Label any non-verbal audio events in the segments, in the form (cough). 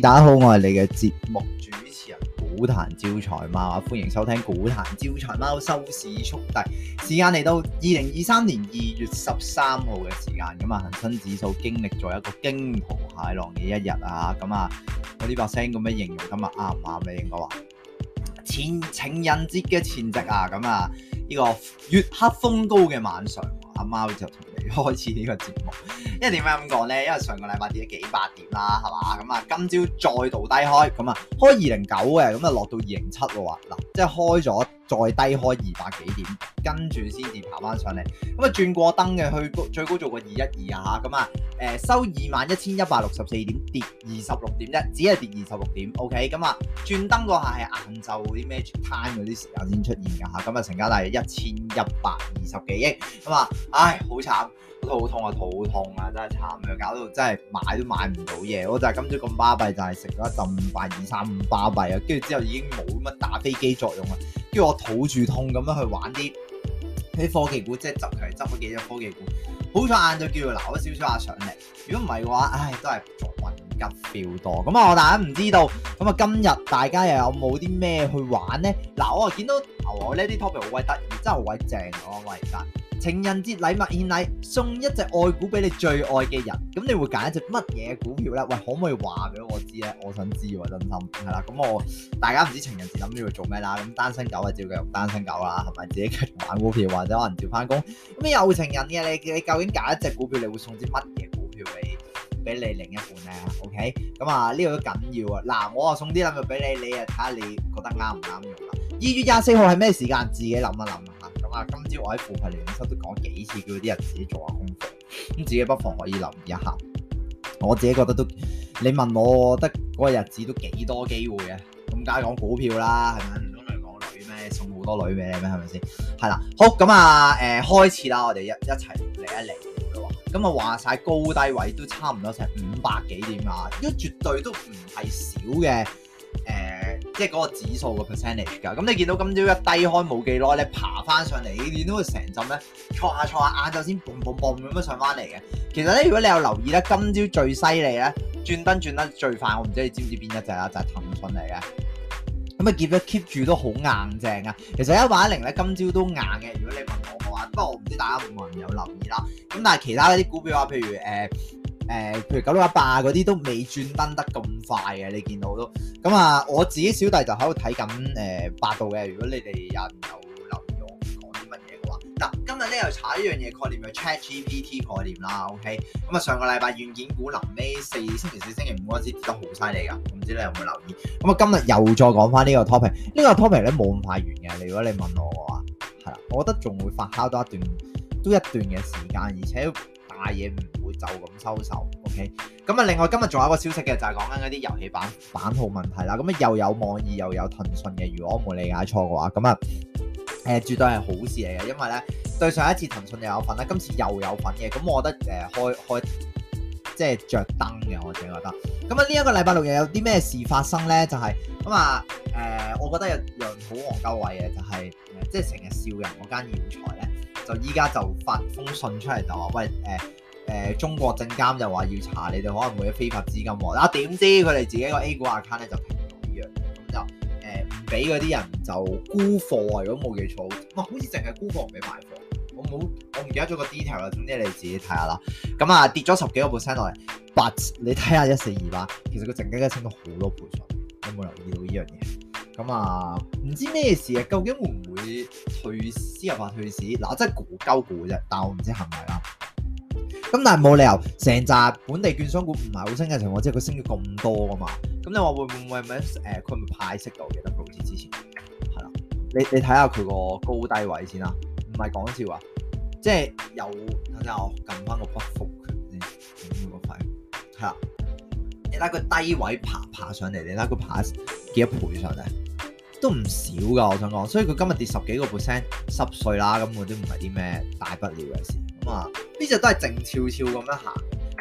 大家好，我係你嘅節目主持人股壇招財貓，歡迎收聽股壇招財貓收市速遞。時間嚟到二零二三年二月十三號嘅時間，咁啊恒生指數經歷咗一個驚濤駭浪嘅一日啊，咁啊我呢把聲咁樣形容今對對，今日啱唔啱咧？應該話前情人節嘅前夕啊，咁啊呢個月黑風高嘅晚上，阿、啊、貓就。開始呢個節目，因為點解咁講呢？因為上個禮拜跌咗幾百點啦，係嘛？咁啊，今朝再度低開，咁啊，開二零九嘅，咁啊，落到二零七喎，嗱，即係開咗。再低開二百幾點，跟住先至爬翻上嚟，咁啊轉過燈嘅，去最高做過二一二啊，咁、嗯、啊，誒收二萬一千一百六十四點，跌二十六點一，只係跌二十六點，O K，咁啊轉燈嗰下係晏晝啲咩 time 嗰啲時間先出現噶吓，咁啊成交大約一千一百二十幾億，咁啊，唉好慘，肚痛啊肚痛啊真係慘啊，搞到真係買都買唔到嘢，我就係今朝咁巴閉，就係食咗十五飯二三五巴閉啊，跟住之後已經冇乜打飛機作用啦。叫我肚住痛咁樣去玩啲喺科技股，即係執佢嚟執咗幾隻科技股，好彩晏就叫佢留咗少少下上嚟。如果唔係嘅話，唉，都係云吉票多。咁、嗯、啊，我大家唔知道，咁、嗯、啊，今日大家又有冇啲咩去玩咧？嗱、嗯，我見到頭我呢啲 topic 好鬼得意，真係好鬼正咯，喂！真。情人節禮物獻禮，送一隻愛股俾你最愛嘅人，咁你會揀一隻乜嘢股票咧？喂，可唔可以話俾我知咧？我想知喎，真心係啦。咁我大家唔知情人節諗住做咩啦，咁單身狗啊照繼續單身狗啦，係咪？自己繼續玩股票或者可能照翻工。咁有情人嘅你，你究竟揀一隻股票，你會送啲乜嘢股票俾俾你，你另一半咧？OK，咁啊呢個都緊要啊。嗱、這個，我啊送啲禮物俾你，你啊睇下你覺得啱唔啱用。二月廿四號係咩時間？自己諗一諗。啊！今朝我喺富平聯收都講幾次叫，叫啲人自己做下功課，咁自己不妨可以諗一下。我自己覺得都，你問我，我得嗰個日子都幾多機會嘅，啊，梗係講股票啦，係咪？唔通你講女咩？送好多女咩？係咪先？係啦，好咁啊！誒、嗯嗯，開始啦，我哋一來一齊嚟一嚟嘅咁啊話晒高低位都差唔多，多，成五百幾點啊？依家絕對都唔係少嘅，誒、嗯。即係嗰個指數個 percentage 㗎，咁你見到今朝一低開冇幾耐咧，爬翻上嚟，你見到成陣咧，挫下挫下，晏晝先 boom boom boom 咁樣上翻嚟嘅。其實咧，如果你有留意咧，今朝最犀利咧，轉燈轉得最快，我唔知你知唔知邊一隻啦，就係、是、騰訊嚟嘅。咁啊 keep keep 住都好硬淨啊，其實一萬一零咧今朝都硬嘅。如果你問我嘅話，不過我唔知大家會唔會有留意啦。咁但係其他嗰啲股票啊，譬如誒，呃誒、呃，譬如九六一八嗰啲都未轉燈得咁快嘅，你見到都咁啊！我自己小弟就喺度睇緊誒百度嘅。如果你哋有有留意我講啲乜嘢嘅話，嗱，今日咧又查一樣嘢概念，就 ChatGPT 概念啦。OK，咁啊，上個禮拜軟件股臨尾四星期四星期五嗰陣時跌得好犀利㗎，唔知，知你有冇留意？咁啊，今日又再講翻、這個、呢個 topic，呢個 topic 咧冇咁快完嘅。你如果你問我嘅話，係啦，我覺得仲會發酵多一段，都一段嘅時間，而且大嘢唔～就咁收手，OK。咁啊，另外今日仲有一個消息嘅，就係講緊嗰啲遊戲版版號問題啦。咁啊，又有網易又有騰訊嘅，如果我冇理解錯嘅話，咁啊，誒、呃，絕對係好事嚟嘅，因為咧，對上一次騰訊又有份啦，今次又有份嘅，咁我覺得誒、呃，開開即係着燈嘅，我自己覺得。咁啊，呢一個禮拜六又有啲咩事發生咧？就係咁啊，誒、呃，我覺得有樣好憨鳩位嘅，就係、是呃、即係成日笑人嗰間藥材咧，就依家就發封信出嚟，就話喂，誒、呃。誒、呃，中國證監就話要查你，你哋可能會有非法資金喎。嗱、啊，點知佢哋自己個 A 股 account 咧就停到呢樣嘢，咁就誒唔俾嗰啲人就沽貨啊！如果冇記錯，哇、呃，好似淨係沽貨唔俾賣貨。我冇，我唔記得咗個 detail 啦。總之你自己睇下啦。咁啊，跌咗十幾個 percent 落嚟，八，你睇下一四二八，其實佢淨係加升到好多倍數，有冇留意到呢樣嘢？咁啊，唔知咩事啊？究竟會唔會退市入或退市？嗱、呃，我真係估鳩估啫，但我唔知係咪係啦。咁但係冇理由成紮本地券商股唔係好升嘅情況，即係佢升咗咁多噶嘛。咁你話會唔會咩？誒、呃，佢咪派息到嘅。得六字之前係啦，你你睇下佢個高低位先啦，唔係講笑啊！即係有等等我撳翻個不復權先，唔好快。係啦，你拉佢低位爬爬上嚟，你拉佢爬幾多倍上嚟都唔少噶。我想講，所以佢今日跌十幾個 percent，濕碎啦，咁我都唔係啲咩大不了嘅事。啊，呢隻、嗯、都係靜悄悄咁樣行。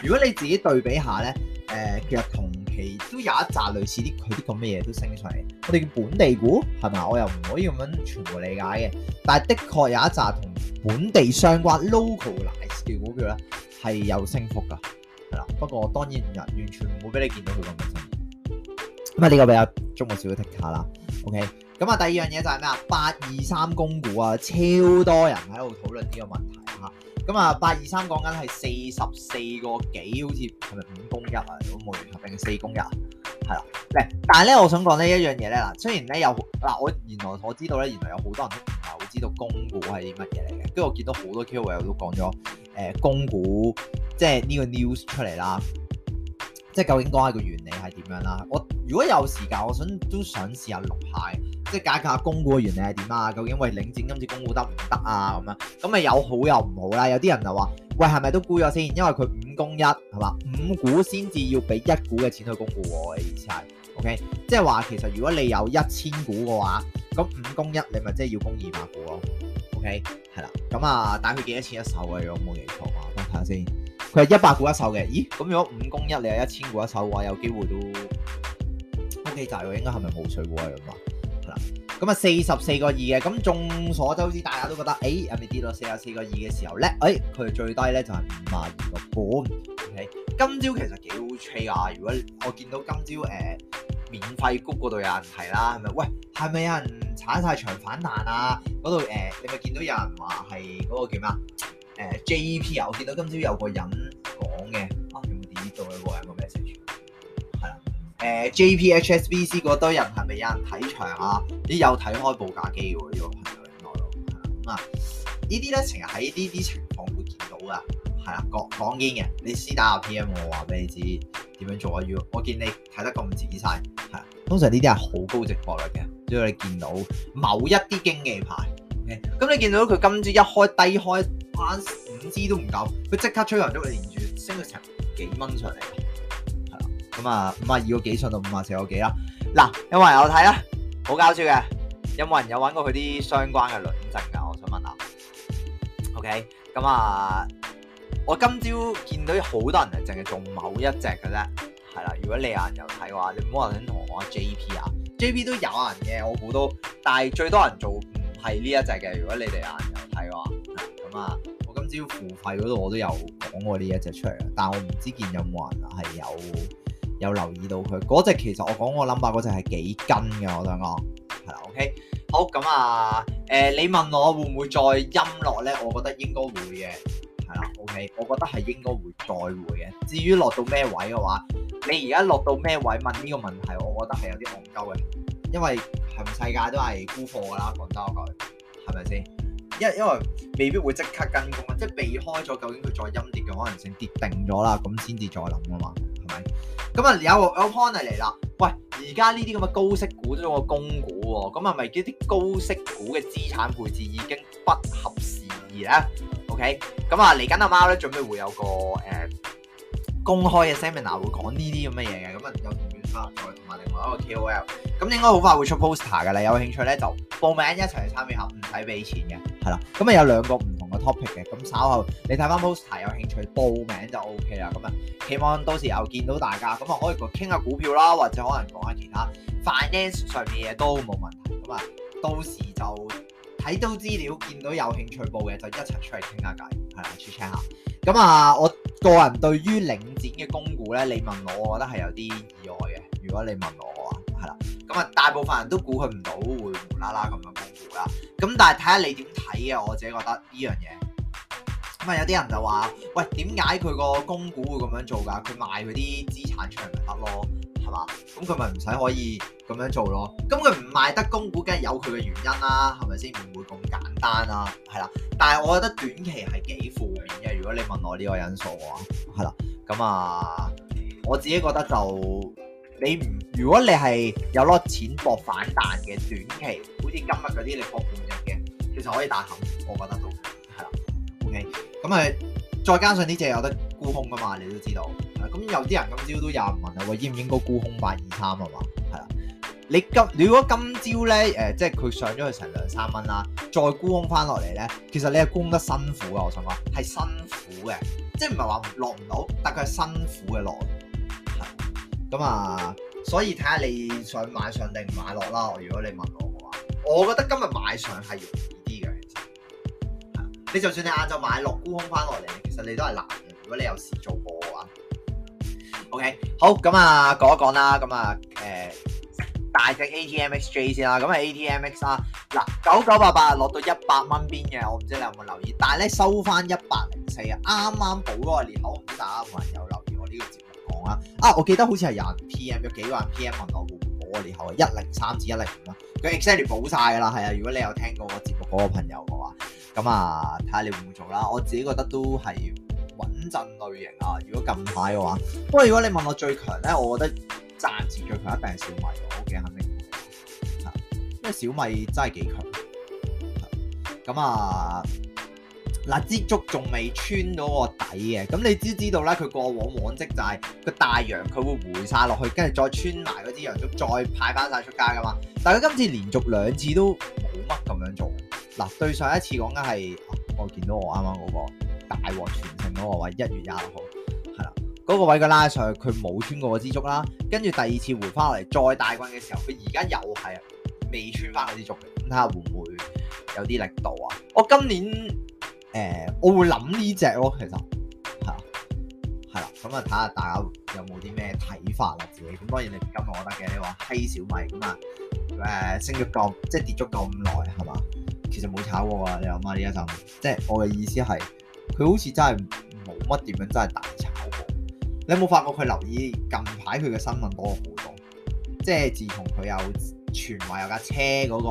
如果你自己對比下咧，誒、呃、其實同期都有一紮類似啲佢啲咁嘅嘢都升出嚟。我哋叫本地股係咪？我又唔可以咁樣全部理解嘅。但係的確有一扎同本地相關 localise 嘅股票咧係有升幅㗎，係啦。不過當然人完全唔會俾你見到佢咁嘅生意。咁啊，呢個比較中國少少剔卡啦。OK，咁啊，第二樣嘢就係咩啊？八二三供股啊，超多人喺度討論呢個問題。咁啊，八二三講緊係四十四個幾，好似係咪五公一啊？咁冇合定四公一啊？係啦，嗱，但係咧，我想講呢一樣嘢咧，嗱，雖然咧有嗱，我原來我知道咧，原來有好多人都唔係好知道公股係啲乜嘢嚟嘅，跟住我見到好多 KOL 都講咗誒公股，即係呢個 news 出嚟啦。即究竟講下個原理係點樣啦？我如果有時間，我想都想試下綠牌，即係解下供股嘅原理係點啊？究竟喂領展今次供股得唔得啊？咁樣咁咪有好又唔好啦。有啲人就話：喂，係咪都沽咗先？因為佢五供一係嘛，五股先至要俾一股嘅錢去供股喎。意思係，OK，即係話其實如果你有一千股嘅話，咁五供一你咪即係要供二百股咯。OK，係啦。咁啊，打佢幾多錢一手啊？有冇認錯啊？等睇下先。佢係一百股一手嘅，咦？咁如果五公一你係一千股一手嘅話，有機會都 OK 大喎，應該係咪好脆啩？係啦，咁啊四十四個二嘅，咁眾所周知，大家都覺得誒，係、欸、咪跌到四十四個二嘅時候咧？誒、欸，佢最低咧就係五十二個半。O K，今朝其實幾好吹 h 啊！如果我見到今朝誒、呃，免費谷嗰度有人提啦，係咪？喂，係咪有人踩晒長反彈啊？嗰度誒，你咪見到有人話係嗰個叫咩啊？誒 j p 啊！呃、JP, 我見到今朝有個人講嘅，啊用電腦嘅喎，有個 message 係啦。誒、呃、JPHSBC 嗰堆人係咪有人睇場啊？你有睇開報價機嘅呢、呢個朋友喺內度。咁啊，嗯、呢啲咧成日喺呢啲情況會見到㗎。係啦，講講煙嘅，你私打下 p m 我話俾你知點樣做啊，要我見你睇得咁仔細，係啊。通常呢啲係好高直播率嘅，只要你，你見到某一啲經紀牌，咁你見到佢今朝一開低開。翻五支都唔夠，佢即刻吹咗喐，連住升咗成幾蚊上嚟，係、嗯、啦。咁啊，五廿二個幾上到五廿四個幾啦。嗱，有冇人有睇啊？好搞笑嘅，有冇人有玩過佢啲相關嘅輪證噶？我想問下。OK，咁、嗯、啊、嗯，我今朝見到好多人淨係做某一隻嘅啫，係啦。如果你有人有睇嘅話，你唔好話想同我 JP 啊，JP 都有人嘅，我估都，但係最多人做唔係呢一隻嘅。如果你哋有人有睇嘅話。啊！我今朝付費嗰度我都有講過呢一隻出嚟啦，但我唔知見有冇人係有有留意到佢嗰隻。隻，其實我講我諗法，嗰隻係幾斤嘅，我想講係啦。OK，好咁啊！誒、呃，你問我會唔會再陰落咧？我覺得應該會嘅，係啦。OK，我覺得係應該會再會嘅。至於落到咩位嘅話，你而家落到咩位問呢個問題，我覺得係有啲戇鳩嘅，因為全世界都係沽貨噶啦，講真句，係咪先？因因為未必會即刻跟工，啊，即係避開咗，究竟佢再陰跌嘅可能性跌定咗啦，咁先至再諗啊嘛，係咪？咁啊有有 point 嚟啦，喂，而家呢啲咁嘅高息股都用個供股喎，咁係咪叫啲高息股嘅資產配置已經不合時宜咧？OK，咁啊嚟緊阿貓咧，準備會有個誒、呃、公開嘅 seminar 會講呢啲咁嘅嘢嘅，咁啊有。參同埋另外一個 K O L，咁你應該好快會出 poster 嘅啦，有興趣咧就報名一齊嚟參與下，唔使俾錢嘅，係啦。咁啊有兩個唔同嘅 topic 嘅，咁稍後你睇翻 poster，有興趣報名就 O K 啦。咁啊，希望到時候又見到大家，咁啊可以同傾下股票啦，或者可能講下其他 finance 上面嘢都冇問題。咁啊，到時就睇到資料，見到有興趣報嘅就一齊出嚟傾下偈。係啊，cheers 咁啊、嗯，我個人對於領展嘅供股咧，你問我，我覺得係有啲意外嘅。如果你問我嘅話，係啦，咁、嗯、啊，大部分人都估佢唔到會無啦啦咁樣供股啦。咁、嗯、但係睇下你點睇啊？我自己覺得呢樣嘢咁啊，有啲人就話，喂，點解佢個供股會咁樣做㗎？佢賣嗰啲資產出嚟咪得咯？咁佢咪唔使可以咁樣做咯。咁佢唔賣得供股，梗係有佢嘅原因啦、啊，係咪先？唔會咁簡單啦、啊，係啦。但係我覺得短期係幾負面嘅。如果你問我呢個因素嘅話，係啦。咁啊，我自己覺得就你，如果你係有攞錢博反彈嘅短期，好似今日嗰啲你博半日嘅，其實可以大冚，我覺得都係啦。OK，咁係再加上呢隻有得沽空噶嘛，你都知道。咁有啲人今朝都有問啦，我應唔應該沽空八二三啊嘛？係啦，你今如果今朝咧誒，即係佢上咗去成兩三蚊啦，再沽空翻落嚟咧，其實你係沽空得辛苦噶，我想講係辛苦嘅，即係唔係話落唔到，但係佢係辛苦嘅落。咁啊，所以睇下你想買上定唔買落啦。如果你問我嘅話，我覺得今日買上係容易啲嘅。係，你就算你晏晝買落沽空翻落嚟，其實你都係難嘅。如果你有事做過嘅話。OK，好，咁、嗯、啊，講一講啦，咁啊，誒，大隻 ATMXJ 先啦，咁、嗯、啊 ATMX 啦，嗱，九九八八落到一百蚊邊嘅，我唔知你有冇留意，但係咧收翻一百零四啊，啱啱補嗰個裂口，唔知大家有冇人有留意我呢個節目講啦，啊，我記得好似係廿 PM 幾萬 PM 問我會唔會補個裂口，一零三至一零五啊，佢 exactly 補曬㗎啦，係啊，如果你有聽過我節目嗰個朋友嘅話，咁啊，睇下你會唔會做啦，我自己覺得都係。穩陣類型啊！如果近排嘅話，不過如果你問我最強咧，我覺得暫時最強一定係小米，我屋企肯定。因為小米真係幾強。咁啊，嗱，支燭仲未穿到個底嘅，咁你知知道咧，佢過往往績就係、是、個大陽，佢會回晒落去，跟住再穿埋嗰支陽燭，再派翻晒出街噶嘛。但係佢今次連續兩次都冇乜咁樣做。嗱，對上一次講緊係，我見到我啱啱嗰個。大獲全勝咯，我話一月廿六號係啦，嗰、嗰個位佢拉上去，佢冇穿過支竹啦。跟住第二次回翻落嚟再大棍嘅時候，佢而家又係未穿翻嗰支竹嘅。咁睇下會唔會有啲力度啊？我、哦、今年誒、呃，我會諗呢隻咯，其實係啦，係啦，咁啊睇下大家有冇啲咩睇法啦、啊，自己咁當然你今日我得嘅，你話嘿，小米咁啊誒，升咗咁即係跌咗咁耐係嘛？其實冇炒過啊，你諗下，呢一陣，即係我嘅意思係。佢好似真係冇乜點樣，真係大炒過。你有冇發覺佢留意近排佢嘅新聞多好多？即係自從佢有傳話有架車嗰、那個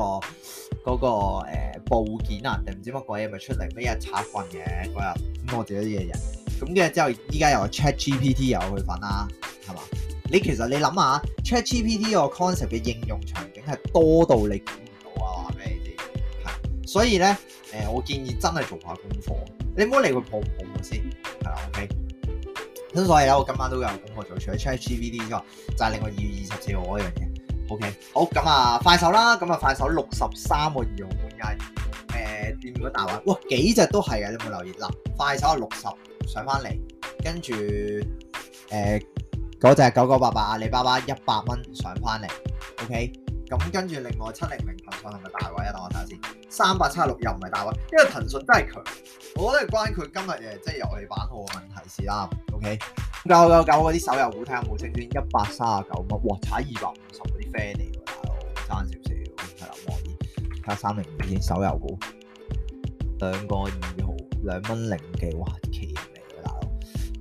嗰、那個誒、呃、部件啊定唔知乜鬼嘢咪出嚟，咩嘢插棍嘅嗰日，咁我哋嗰啲嘢人，咁跟住之後依家又話 Chat GPT 又去訓啦，係嘛？你其實你諗下 Chat GPT 個 concept 嘅應用場景係多到你估唔到啊！話俾你知，係所以咧誒、呃，我建議真係做下功課。你唔好理佢抱抱我先，係啦，OK。咁所以我今晚都有公布咗除咗 ChatGPT 之外，就係、是、另外二月二十四號嗰樣嘢，OK。好咁啊，快手啦，咁啊快手六十三個二融盤，誒，點咗大話？哇，幾隻都係啊！你冇留意快手六十上翻嚟，跟住誒嗰隻九九八八阿里巴巴一百蚊上翻嚟，OK。咁跟住另外七零零騰訊係咪大位啊？等我睇下先，三百七十六又唔係大位，因為騰訊真係強。我覺得係關佢今日誒即係遊戲版號嘅問題事啦。OK，九九九嗰啲手遊股睇下有冇升先，一百三啊九蚊，哇！踩二百五十嗰啲 fan 嚟喎，大佬爭少少，係啦望住。睇下三零零先手遊股，兩個二毫兩蚊零幾，哇！奇嚟喎，大佬。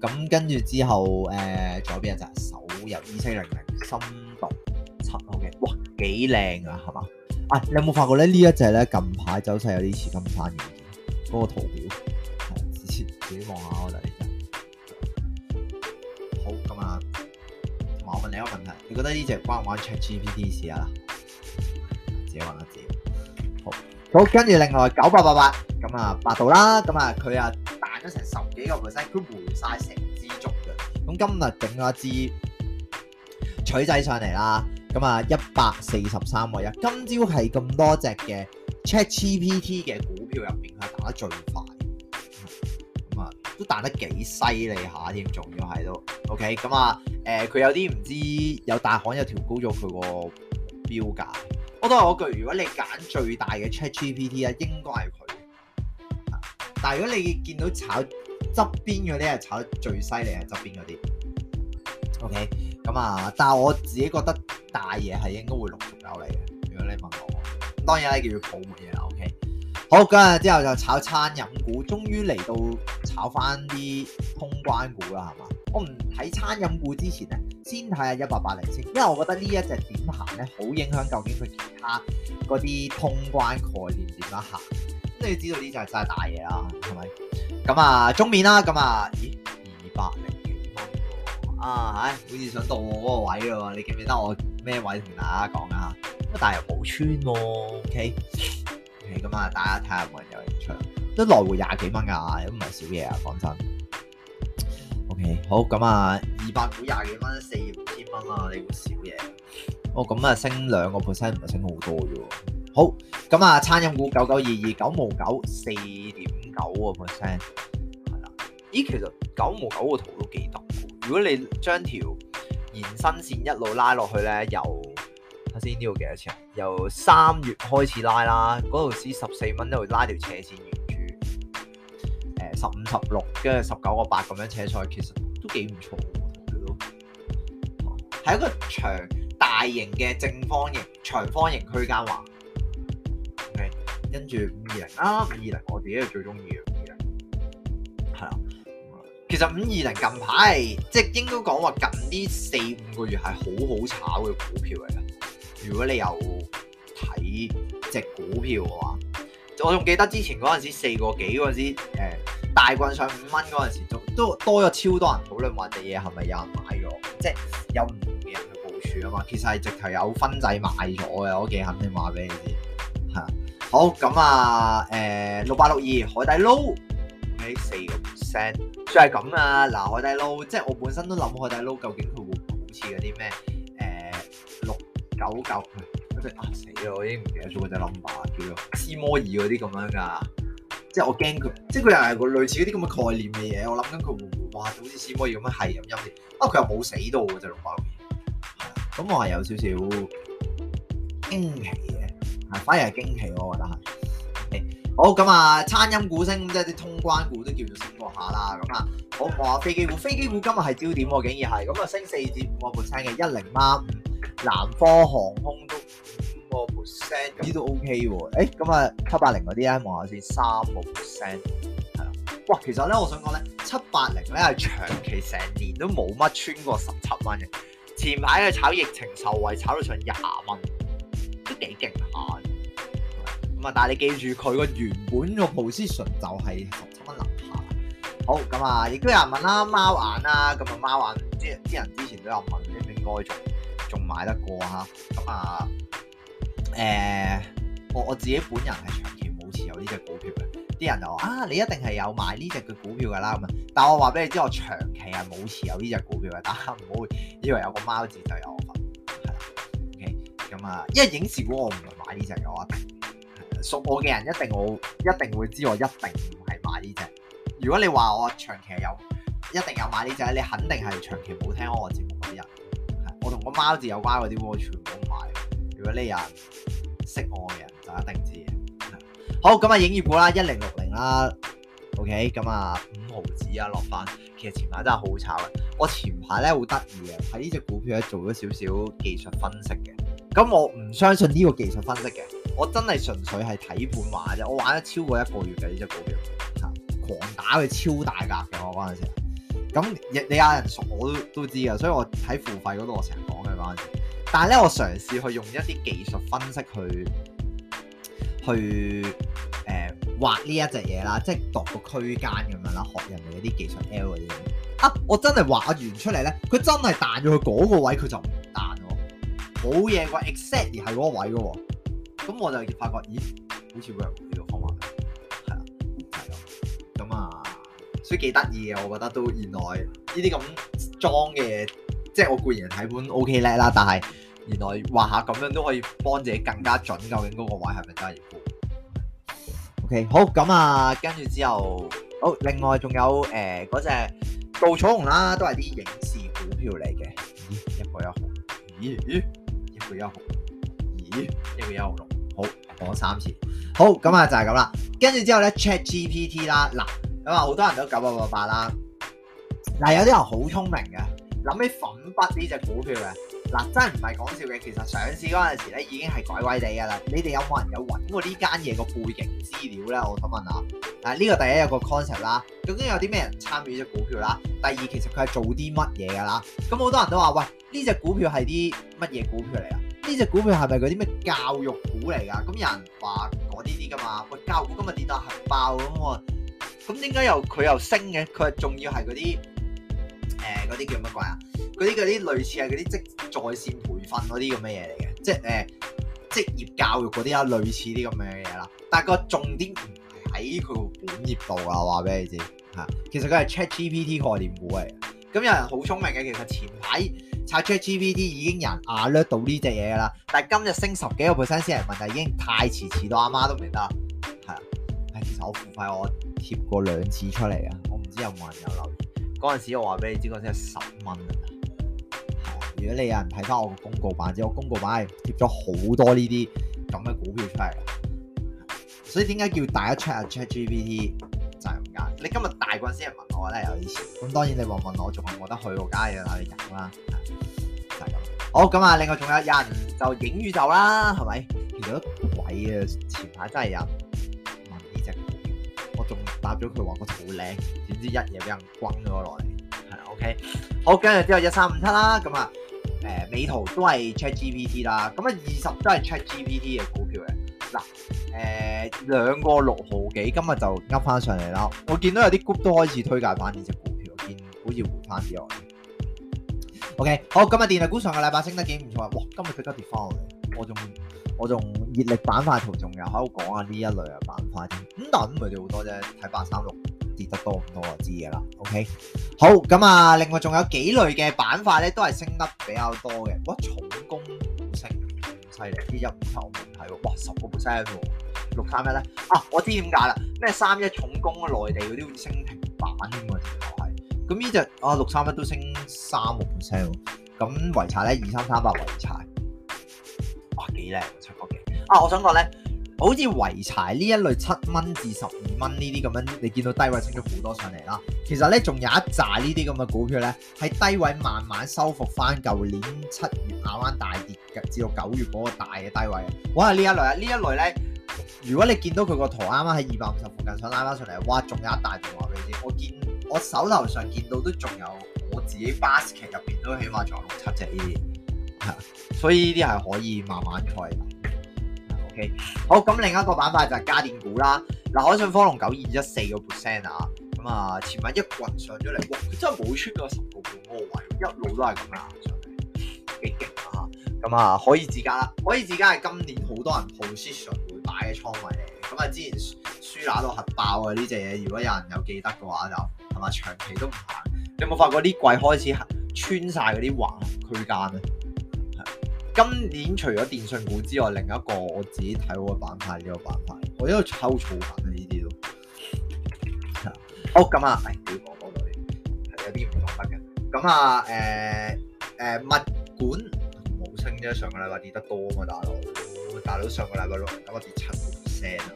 咁跟住之後誒、呃、左邊啊，隻手遊二四零零深。幾靚啊，係嘛？啊，你有冇發覺咧？一隻呢一隻咧，近排走勢有啲似金山嘅，嗰、那個圖表，啊、嗯，自己望下我哋先。好，咁啊，同埋我問你一個問題，你覺得呢隻關唔關 ChatGPT 事啊？自己玩自己。好，好，跟住另外九八八八，咁啊，百度啦，咁啊，佢啊彈咗成十幾個 percent，佢回晒成支竹嘅。咁今日整咗一支鎚仔上嚟啦。咁啊，一百四十三個一，今朝係咁多隻嘅 ChatGPT 嘅股票入面，係打得最快，咁啊、 (laughs) 嗯，都彈得幾犀利下添，仲要係都 OK。咁、嗯、啊，誒、嗯，佢有啲唔知有大行有調高咗佢個標價。嗯嗯、都我都話嗰句，如果你揀最大嘅 ChatGPT 啊，應該係佢、嗯。但係如果你見到炒側邊嗰啲係炒得最犀利啊，側邊嗰啲 OK、嗯。咁、嗯、啊，但係我自己覺得。大嘢係應該會陸續有嚟嘅，如果你問我。咁當然咧叫做泡沫嘢啦，OK。好，今日之後就炒餐飲股，終於嚟到炒翻啲通關股啦，係嘛？我唔睇餐飲股之前咧，先睇下一八八零先，因為我覺得呢一隻點行咧，好影響究竟佢其他嗰啲通關概念點樣行。咁你要知道呢隻真係大嘢啦，係咪？咁啊，中免啦，咁啊一八八零。啊，唉，好似想到我嗰個位咯喎，你記唔記得我咩位同大家講啊，咁但係又冇村喎？O K，O K，咁啊，大、OK? OK, 大家睇下冇人有嘅場，都來回廿幾蚊噶，都唔係少嘢啊，講真、啊。O、OK, K，好，咁啊，二百股廿幾蚊，四五千蚊啦，你會少嘢、啊？哦，咁啊，升兩個 percent 唔係升好多嘅喎。好，咁啊，餐飲股九九二二九毛九，四點九個 percent，係啦。咦，其實九毛九個圖都幾多？如果你將條延伸線一路拉落去咧，由睇先呢度幾多次啊？由三月開始拉啦，嗰度先十四蚊，一路拉條斜線沿住，誒十五十六，跟住十九個八咁樣扯菜，其實都幾唔錯嘅咯。係一個長大型嘅正方形、長方形區間橫，OK，跟住五二零啦，五二零，我自己係最中意其實五二零近排即係應該講話近呢四五個月係好好炒嘅股票嚟噶。如果你有睇隻股票嘅話，我仲記得之前嗰陣時四個幾嗰陣時，誒、欸、大棍上五蚊嗰陣時，都都多咗超多人討論埋隻嘢，係咪有人買咗？即係有唔同嘅人去部署啊嘛。其實係直頭有分仔買咗嘅，我幾肯定話俾你知。吓，好咁啊，誒，六八六二海底撈，喺四個 percent。算係咁啊！嗱，海底撈，即係我本身都諗海底撈究竟佢會唔會好似嗰啲咩？誒、欸，六九九，俾、啊、佢死啦！我已經唔記得咗，嗰隻 number 叫做斯摩爾嗰啲咁樣噶。即係我驚佢，即係佢又係個類似嗰啲咁嘅概念嘅嘢。我諗緊佢會唔會哇好似斯摩爾咁樣係咁陰？啊，佢又冇死到嘅啫，六百九。咁我係有少少驚奇嘅，反而係驚奇。我覺得。誒、欸，好咁啊，餐飲股升，即係啲通關股都叫做。下啦，咁啊，我望下飛機股，飛機股今日係焦點喎，竟然係咁啊，就升四至五個 percent 嘅一零八五，5, 南方航空都五個 percent，呢啲都 OK 喎。咁啊七八零嗰啲咧，望下先三個 percent，係啦。哇，其實咧，我想講咧，七八零咧係長期成年都冇乜穿過十七蚊嘅，前排佢炒疫情受惠，炒到上廿蚊，都幾勁下。咁啊，但係你記住佢個原本個 position 就係十七蚊零。好咁啊，亦都有人問啦，貓眼啦，咁啊貓眼，啲啲人之前都有問你唔應該仲仲買得過啊？咁啊，誒，我我自己本人係長期冇持有呢隻股票嘅，啲人就話啊，你一定係有買呢隻嘅股票噶啦，咁啊，但係我話俾你知，我長期係冇持有呢隻股票嘅，但係唔好以為有個貓字就有我份。係啦，OK，咁啊，因為影視股我唔買呢隻嘅，我，我一定，熟我嘅人一定我一定會知，我一定唔係買呢隻。如果你話我長期有一定有買呢隻，你肯定係長期冇聽我節目嗰啲人的。我同個貓字有關嗰啲，我全部買。如果你有識我嘅人，就一定知。好，咁啊，影業股啦，一零六零啦，OK，咁啊，五毫紙啊，落翻。其實前排真係好好炒。我前排咧好得意嘅，喺呢隻股票咧做咗少少技術分析嘅。咁我唔相信呢個技術分析嘅，我真係純粹係睇盤話啫。我玩咗超過一個月嘅呢隻股票。狂打佢超大格嘅我嗰陣時，咁亦你，你有人熟我都都知嘅，所以我喺付費嗰度我成日講嘅嗰陣時，但係咧我嘗試去用一啲技術分析去去誒畫呢一隻嘢啦，即係度個區間咁樣啦，學人哋一啲技術 L 嗰啲。啊，我真係畫完出嚟咧，佢真係彈咗去嗰個位，佢就唔彈咯，冇嘢喎，exactly 係嗰個位嘅喎，咁我就發覺，咦，好似 real 都幾得意嘅，我覺得都原來呢啲咁裝嘅，即係我個人睇本 OK 叻啦。但係原來畫下咁樣都可以幫自己更加準，究竟嗰個位係咪真係要 OK 好咁啊、okay，跟住之後，好另外仲有誒嗰、欸、隻稻草熊啦，都係啲影視股票嚟嘅，一個一毫，咦咦，一個一毫，咦，一個一毫六，好講三次，好咁啊，就係咁啦。跟住之後咧 Chat GPT 啦，嗱。咁好、嗯、多人都九九八八啦。嗱，有啲人好聰明嘅，諗起粉筆呢隻股票嘅，嗱，真唔係講笑嘅。其實上市嗰陣時咧，已經係拐彎地噶啦。你哋有冇人有揾過呢間嘢個背景資料咧？我想問下。嗱，呢個第一有個 concept 啦。究竟有啲咩人參與呢隻股票啦？第二，其實佢係做啲乜嘢噶啦？咁好多人都話：喂，呢隻股票係啲乜嘢股票嚟啊？呢隻股票係咪嗰啲咩教育股嚟噶？咁有人話嗰啲啲噶嘛？喂，教育股今日跌到核爆咁喎。咁點解又佢又升嘅？佢仲要係嗰啲誒嗰啲叫乜鬼啊？嗰啲啲類似係嗰啲即在線培訓嗰啲咁嘅嘢嚟嘅，即誒、欸、職業教育嗰啲啊，類似啲咁嘅嘢啦。但個重點唔喺佢個本業度啊，話俾你知吓。其實佢係 ChatGPT 概念股嚟嘅。咁有人好聰明嘅，其實前排炒 ChatGPT 已經有人阿掠到呢隻嘢啦。但今日升十幾個 percent 先係問題，就已經太遲，遲到阿媽，媽都唔得。手付費我貼過兩次出嚟啊！我唔知有冇人有留意嗰陣時我，我話俾你知嗰陣十蚊啊！如果你有人睇返我個公告版，即係我，我公告版係貼咗好多呢啲咁嘅股票出嚟，所以點解叫大一 check check GPT 就係咁解？你今日大群先人問我咧有啲錢，咁當然你問問我仲有冇得去喎，梗係要你搞啦，就係、是、咁。好咁啊，另外仲有人就影宇宙啦，係咪？其實都鬼啊，前排真係有。仲答咗佢話個圖靚，點知一夜俾人崩咗落嚟，係 OK，好跟住之後一三五七啦，咁啊誒美圖都係 ChatGPT 啦，咁啊二十都係 ChatGPT 嘅股票嘅，嗱誒兩個六毫幾，今日就噏翻上嚟啦，我見到有啲 group 都開始推介翻呢隻股票，見好似回彈啲我，OK，好今日電力股上個禮拜升得幾唔錯，哇，今日佢急跌翻落嚟。我仲我仲熱力板塊圖仲又喺度講下呢一類嘅板塊，咁但係唔好多啫，睇八三六跌得多唔多就知嘅啦。OK，好咁啊，另外仲有幾類嘅板塊咧，都係升得比較多嘅。哇，重工好升，犀利！呢隻唔錯，我冇睇喎。哇，十個 percent 喎，六三一咧啊，我知點解啦，咩三一重工、內地嗰啲升停板添喎，原來係咁。呢隻啊六三一都升三個 percent 喎，咁維柴咧，二三三八維柴。哇，幾靚啊，出國嘅啊！我想講咧，好似濰柴呢一類七蚊至十二蚊呢啲咁樣，你見到低位升咗好多上嚟啦。其實咧，仲有一紮呢啲咁嘅股票咧，喺低位慢慢收復翻舊年七月亞灣大跌嘅，至到九月嗰個大嘅低位啊！我係呢一類啊，呢一類咧，如果你見到佢個圖啱啱喺二百五十附近想拉翻上嚟，哇，仲有一大段話俾你知。我見我手頭上見到都仲有，我自己 basket 入邊都起碼仲有六七隻呢。嗯、所以呢啲係可以慢慢開、嗯。OK，好，咁另一個板塊就係家電股啦。嗱、啊，海信科龍九二一四個 percent 啊，咁、嗯、啊前晚一掘上咗嚟，哇！真係冇穿過十六個位，一路都係咁樣上，幾勁啊！吓、嗯，咁、嗯、啊、嗯、可以自家啦，可以自家。係、嗯、今年好多人 position 會擺嘅倉位嚟。咁、嗯、啊、嗯、之前輸拿到核爆啊呢隻嘢，如果有人有記得嘅話就，就係咪長期都唔行？你有冇發覺呢季開始穿晒嗰啲橫區間啊？今年除咗電信股之外，另一個我自己睇好嘅板塊呢個板塊，我一度抽草粉啊！呢啲都好咁啊，唔要講嗰度有啲唔同得嘅。咁啊，誒誒物管冇升啫，上個禮拜跌得多嘛，大佬，大佬上個禮拜咁啊跌七 percent 啊。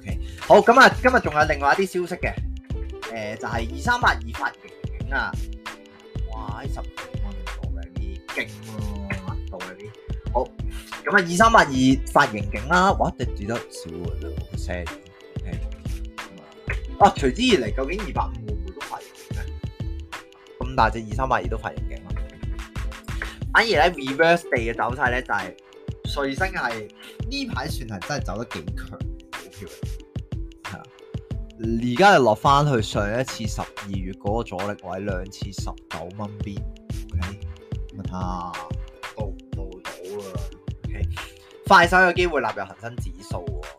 OK，好咁啊，今日仲有另外一啲消息嘅，誒就係二三八二發盈喜啊。好，咁啊二三八二發盈警啦，我一定跌得少個聲、欸欸、啊，兩 percent。哦，隨之而嚟，究竟二百五會唔會都發盈警咧？咁大隻二三八二都發盈警啦，反而喺 reverse 地嘅走勢咧，就係、是、瑞星係呢排算係真係走得幾強股票嚟，係啦。而家又落翻去上一次十二月嗰個阻力位，兩次十九蚊邊，OK。啊，到到到啦！O K，快手有機會納入恒生指數喎、啊，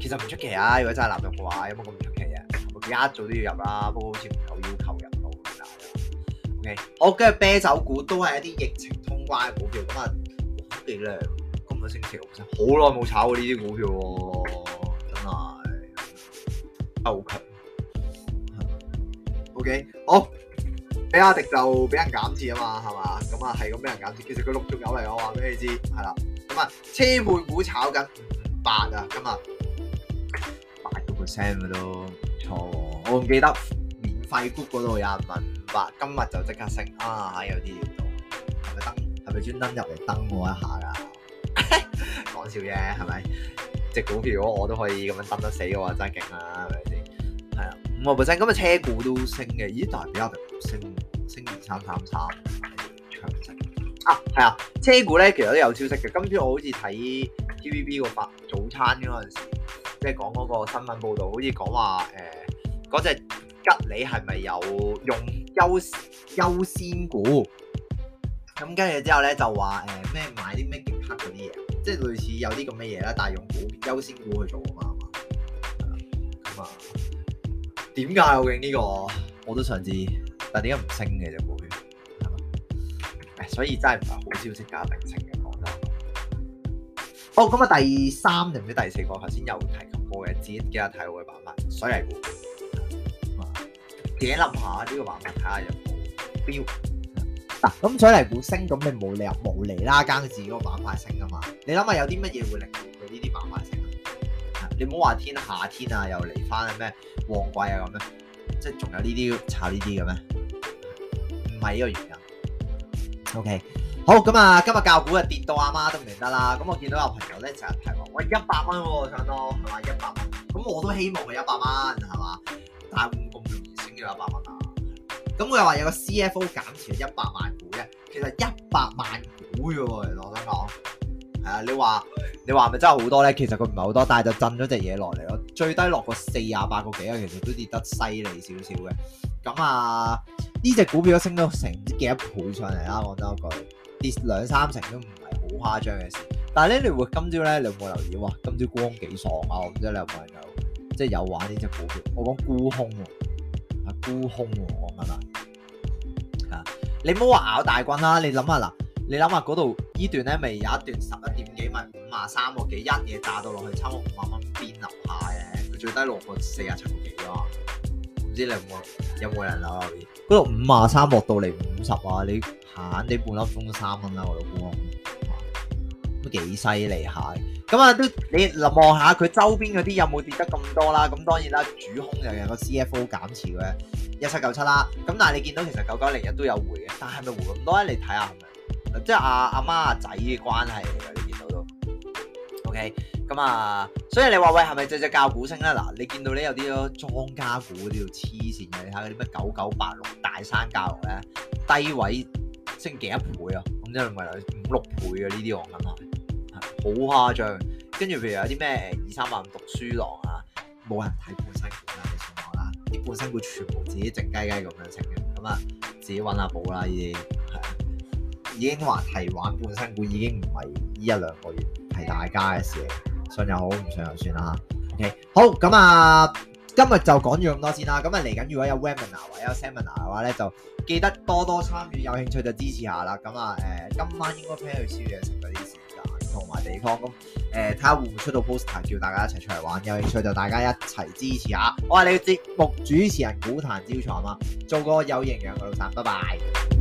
其實唔出奇啊。如果真係納入嘅話，有乜咁出奇嘅？我而家早都要入啦、啊，不過好似唔夠要求入到。O K，我跟嘅啤酒股都係一啲疫情通關嘅股票，咁啊好幾靚，今個星期，好耐冇炒過呢啲股票喎、啊，真係好奇。O K，我。比亞、欸、迪就俾人減持啊嘛，係嘛，咁啊係咁俾人減持，其實佢六足狗嚟，我話俾你知，係啦，咁、嗯、啊，車盤股炒緊八啊，今日八個 percent 都唔錯，我唔記得免費谷嗰度有人問八，今日就即刻升啊，吓有啲料到，係咪登，係咪專登入嚟登我一下啊？講笑啫， (laughs) 係咪？隻股票如果我都可以咁樣登得死嘅話，真係勁啦。係咪？五個 percent 咁啊車股都升嘅，咦大係比較平升，升二三三三長城啊，係啊，車股咧其實都有消息嘅。今天我好似睇 T V B 個發早餐嗰陣時，即係講嗰個新聞報導，好似講話誒嗰隻吉利係咪有用優優先股？咁跟住之後咧就話誒咩買啲咩 i p 嗰啲嘢，即係類似有啲咁嘅嘢啦，但係用股優先股去做啊嘛，係嘛？咁、嗯、啊～、嗯嗯嗯嗯。點解我認呢、呢個我都想知，但點解唔升嘅啫？冇，所以真係唔係好消息㗎，明清嘅講真。哦，咁啊第三定唔知第四個頭先又提及過嘅，自己今日睇我嘅板塊。水泥股、嗯。自己諗下呢個板塊，睇下有冇標？嗱、嗯、咁、啊、水泥股升，咁你冇理由冇厘啦，梗係自己個板塊升噶嘛。你諗下有啲乜嘢會令？你唔好話天、啊、夏天啊，又嚟翻咩旺季啊咁咩？即係仲有呢啲炒呢啲嘅咩？唔係呢個原因。OK，好咁啊，今日教股跌剛剛啊跌到阿媽都唔認得啦。咁我見到有朋友咧就係話：喂一百蚊喎，上多，係嘛一百蚊？咁我都希望係一百蚊係嘛？但係會唔會咁容易升到一百蚊啊？咁我又話有個 CFO 減持一百萬股嘅，其實一百萬股喎，我想講。啊！你話你話咪真係好多咧？其實佢唔係好多，但係就震咗隻嘢落嚟咯。最低落過四十八個幾啊，其實都跌得犀利少少嘅。咁啊，呢隻股票都升到成唔知幾多倍上嚟啦。我真係覺跌兩三成都唔係好誇張嘅事。但係咧，你會今朝咧有冇留意？哇！今朝沽空幾爽啊！我唔知你有冇人有，即係有玩呢隻股票。我講沽空啊，沽、啊、空我講啦吓，你唔好話咬大棍、啊、想想啦。你諗下嗱，你諗下嗰度。段呢段咧咪有一段十一點幾咪五啊三個幾一嘢炸到落去，差唔多五萬蚊邊流下嘅，佢最低落個四啊七個幾啊！唔知你有冇人留留啲？嗰度五啊三個到嚟五十啊！你行你半粒鐘三蚊啦，我估啊！咁幾犀利下咁啊都你望下佢周邊嗰啲有冇跌得咁多啦？咁當然啦，主控又有個 CFO 減持嘅一七九七啦。咁但係你見到其實九九零一都有回嘅，但係咪回咁多咧？你睇下。即係阿阿媽阿仔嘅關係嚟噶，你見到都 OK。咁啊，所以你話喂，係咪只只教股升咧？嗱，你見到咧有啲咗莊家股啲，叫黐線嘅。你睇嗰啲咩九九八六、大山教育咧，低位升幾多倍啊？咁即係咪五六倍啊，呢啲我諗係好誇張。跟住譬如有啲咩二三百五讀書郎啊，冇人睇半新股啊，你信我啦？啲半新股全部自己靜雞雞咁樣升嘅，咁、嗯、啊、嗯、自己搵下寶啦。呢啲係。已經話提玩半新股已經唔係呢一兩個月係大家嘅事，信又好唔信就算啦 OK，好，咁啊、嗯，今日就講咗咁多先啦。咁、嗯、啊，嚟緊如果有 webinar 或者有 seminar 嘅話咧，就記得多多參與，有興趣就支持下啦。咁、嗯、啊，誒、嗯，今晚應該 plan 去宵夜食嗰啲時間同埋地方，咁誒睇下會唔會出到 poster 叫大家一齊出嚟玩，有興趣就大家一齊支持下。我係你嘅節目主持人股壇招財貓啊嘛，做個有營養嘅老闆，拜拜。